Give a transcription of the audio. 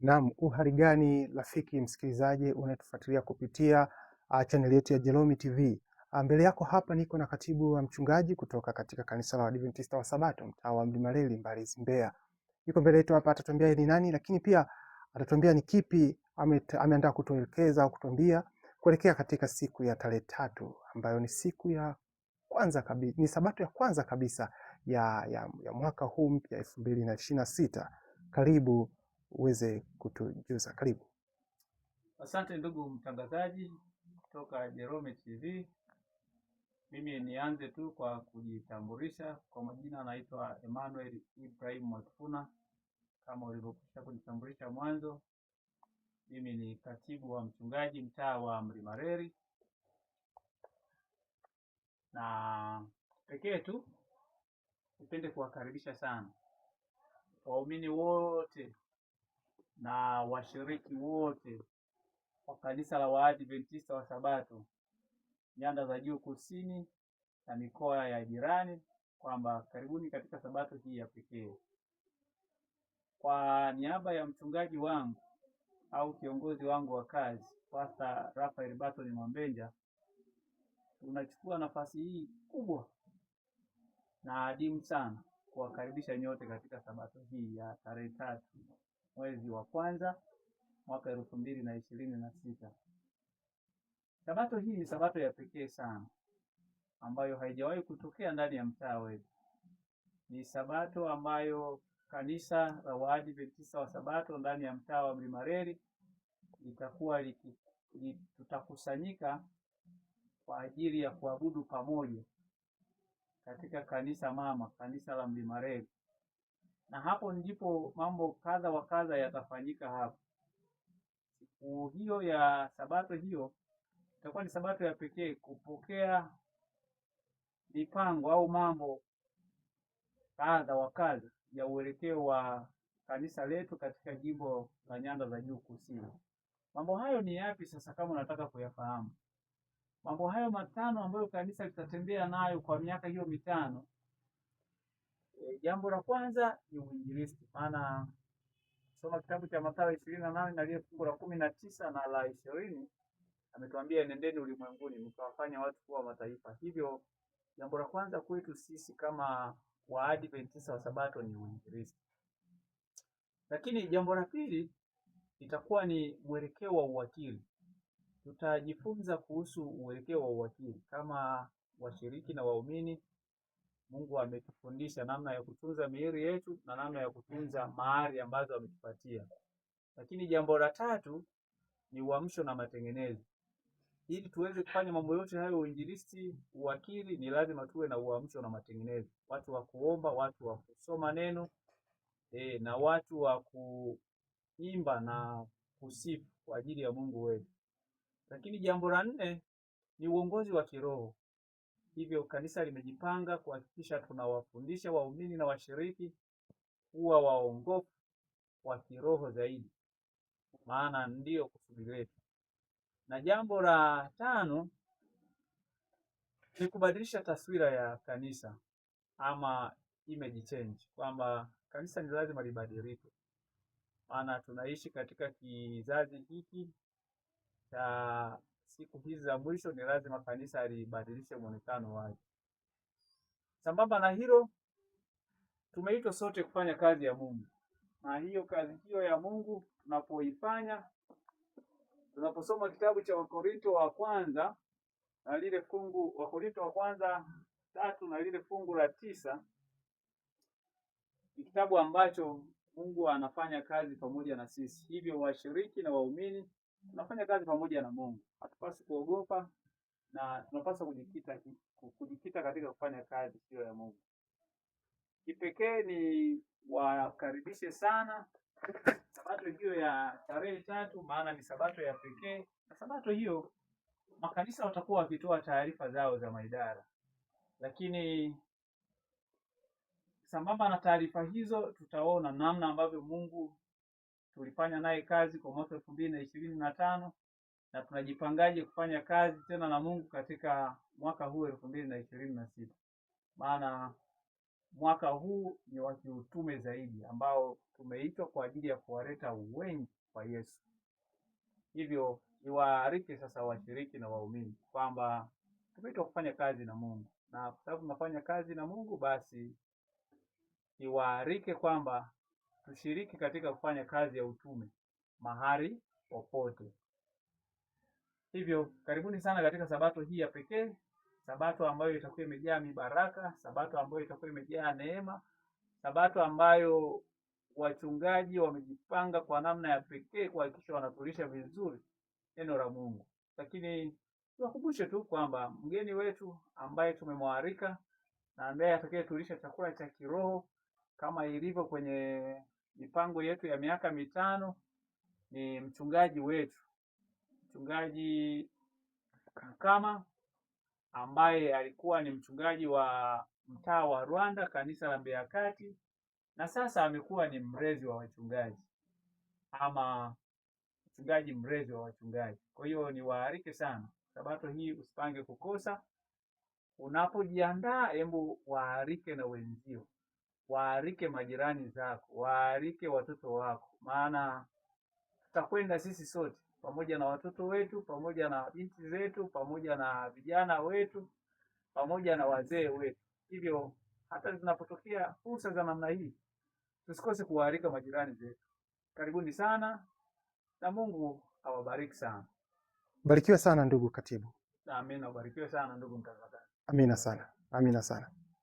Naam, uhali gani rafiki msikilizaji unayetufuatilia kupitia uh, ah, chaneli yetu ya Jerome TV. Uh, ah, Mbele yako hapa niko na katibu wa mchungaji kutoka katika kanisa la Waadventista wa Sabato mtaa wa Mlima Reli Mbalizi Mbeya. Yuko mbele yetu hapa atatuambia ni nani, lakini pia atatuambia ni kipi ameandaa kutuelekeza au kutuambia kuelekea katika siku ya tarehe tatu ambayo ni siku ya kwanza kabisa, ni sabato ya kwanza kabisa ya, ya, ya mwaka huu mpya elfu mbili na ishirini na sita. Karibu uweze kutujuza. Karibu. Asante ndugu mtangazaji kutoka Jerome TV. Mimi nianze tu kwa kujitambulisha kwa majina, naitwa Emmanuel Ibrahim Mwakifuna kama ulivyokwisha kunitambulisha mwanzo. Mimi ni katibu wa mchungaji mtaa wa Reri, na pekee tu nipende kuwakaribisha sana waumini wote na washiriki wote wa kanisa la Waadventista wa Sabato nyanda za juu kusini na mikoa ya jirani kwamba karibuni katika Sabato hii ya pekee. Kwa niaba ya mchungaji wangu au kiongozi wangu wa kazi Pasta Rafael Batoni Mwambenja, tunachukua nafasi hii kubwa na adimu sana kuwakaribisha nyote katika Sabato hii ya tarehe tatu mwezi wa kwanza mwaka elfu mbili na ishirini na sita. Sabato hii ni sabato ya pekee sana ambayo haijawahi kutokea ndani ya mtaa wetu. Ni sabato ambayo kanisa la Waadventista wa Sabato ndani ya mtaa wa Mlima Reli litakuwa tutakusanyika kwa ajili ya kuabudu pamoja katika kanisa mama, kanisa la Mlima Reli na hapo ndipo mambo kadha wa kadha yatafanyika hapo. Siku hiyo ya sabato hiyo itakuwa ni sabato ya pekee kupokea mipango au mambo kadha wa kadha ya uelekeo wa kanisa letu katika jimbo la Nyanda za Juu Kusini. Mambo hayo ni yapi sasa? Kama unataka kuyafahamu mambo hayo matano ambayo kanisa litatembea nayo kwa miaka hiyo mitano, Eh, jambo la kwanza ni uinjilisti, maana soma kitabu cha Mathayo ishirini na nane na lile fungu la kumi na tisa na la ishirini ametuambia nendeni ulimwenguni mkawafanya watu kuwa mataifa. Hivyo jambo la kwanza kwetu sisi kama Waadventista wa Sabato ni uinjilisti, lakini jambo la pili itakuwa ni mwelekeo wa uwakili. Tutajifunza kuhusu uelekeo wa uwakili kama washiriki na waumini Mungu ametufundisha namna ya kutunza miili yetu na namna ya kutunza mahari ambazo ametupatia. Lakini jambo la tatu ni uamsho na matengenezo. Ili tuweze kufanya mambo yote hayo, uinjilisti, uwakili, ni lazima tuwe na uamsho na matengenezo, watu wa kuomba, watu wa kusoma neno e, na watu wa kuimba na kusifu kwa ajili ya Mungu wetu. Lakini jambo la nne ni uongozi wa kiroho. Hivyo kanisa limejipanga kuhakikisha tunawafundisha waumini na washiriki kuwa waongofu wa kiroho zaidi, maana ndiyo kusudi letu. Na jambo la tano ni kubadilisha taswira ya kanisa ama image change, kwamba kanisa ni lazima libadilike, maana tunaishi katika kizazi hiki cha siku hizi za mwisho ni lazima kanisa libadilishe mwonekano wake. Sambamba na hilo, tumeitwa sote kufanya kazi ya Mungu, na hiyo kazi hiyo ya Mungu tunapoifanya, tunaposoma kitabu cha Wakorinto wa kwanza na lile fungu Wakorinto wa kwanza tatu na lile fungu la tisa ni kitabu ambacho Mungu anafanya kazi pamoja na sisi, hivyo washiriki na waumini tunafanya kazi pamoja na Mungu, hatupasi kuogopa na tunapaswa kujikita kujikita katika kufanya kazi sio ya Mungu. Kipekee ni wakaribishe sana sabato hiyo ya tarehe tatu, maana ni sabato ya pekee, na sabato hiyo makanisa watakuwa wakitoa taarifa zao za maidara, lakini sambamba na taarifa hizo tutaona namna ambavyo Mungu tulifanya naye kazi kwa mwaka elfu mbili na ishirini na tano na tunajipangaje kufanya kazi tena na Mungu katika mwaka huu elfu mbili na ishirini na sita maana mwaka huu ni wa kiutume zaidi ambao tumeitwa kwa ajili ya kuwaleta wengi kwa Yesu. Hivyo niwaarike sasa washiriki na waumini kwamba tumeitwa kufanya kazi na Mungu, na kwa sababu tunafanya kazi na Mungu, basi niwaarike kwamba Tushiriki katika kufanya kazi ya utume mahali popote. Hivyo karibuni sana katika sabato hii ya pekee, sabato ambayo itakuwa imejaa mibaraka, sabato ambayo itakuwa imejaa neema, sabato ambayo wachungaji wamejipanga kwa namna ya pekee kuhakikisha wanatulisha vizuri neno la Mungu. Lakini tuwakumbushe tu kwamba mgeni wetu ambaye tumemwalika na ambaye atakayetulisha chakula cha kiroho kama ilivyo kwenye mipango yetu ya miaka mitano ni mchungaji wetu, mchungaji Kankama ambaye alikuwa ni mchungaji wa mtaa wa Rwanda kanisa la Mbeya Kati, na sasa amekuwa ni mrezi wa wachungaji ama mchungaji mrezi wa wachungaji. Kwa hiyo niwaalike sana, sabato hii usipange kukosa. Unapojiandaa, hebu waarike na wenzio waalike majirani zako, waalike watoto wako, maana tutakwenda sisi sote pamoja na watoto wetu, pamoja na binti zetu, pamoja na vijana wetu, pamoja na wazee wetu. Hivyo hata zinapotokea fursa za namna hii, tusikose kuwaalika majirani zetu. Karibuni sana na Mungu awabariki sana. Barikiwe sana ndugu katibu. Amina, ubarikiwe sana ndugu mtazamaji. Amina sana, amina sana.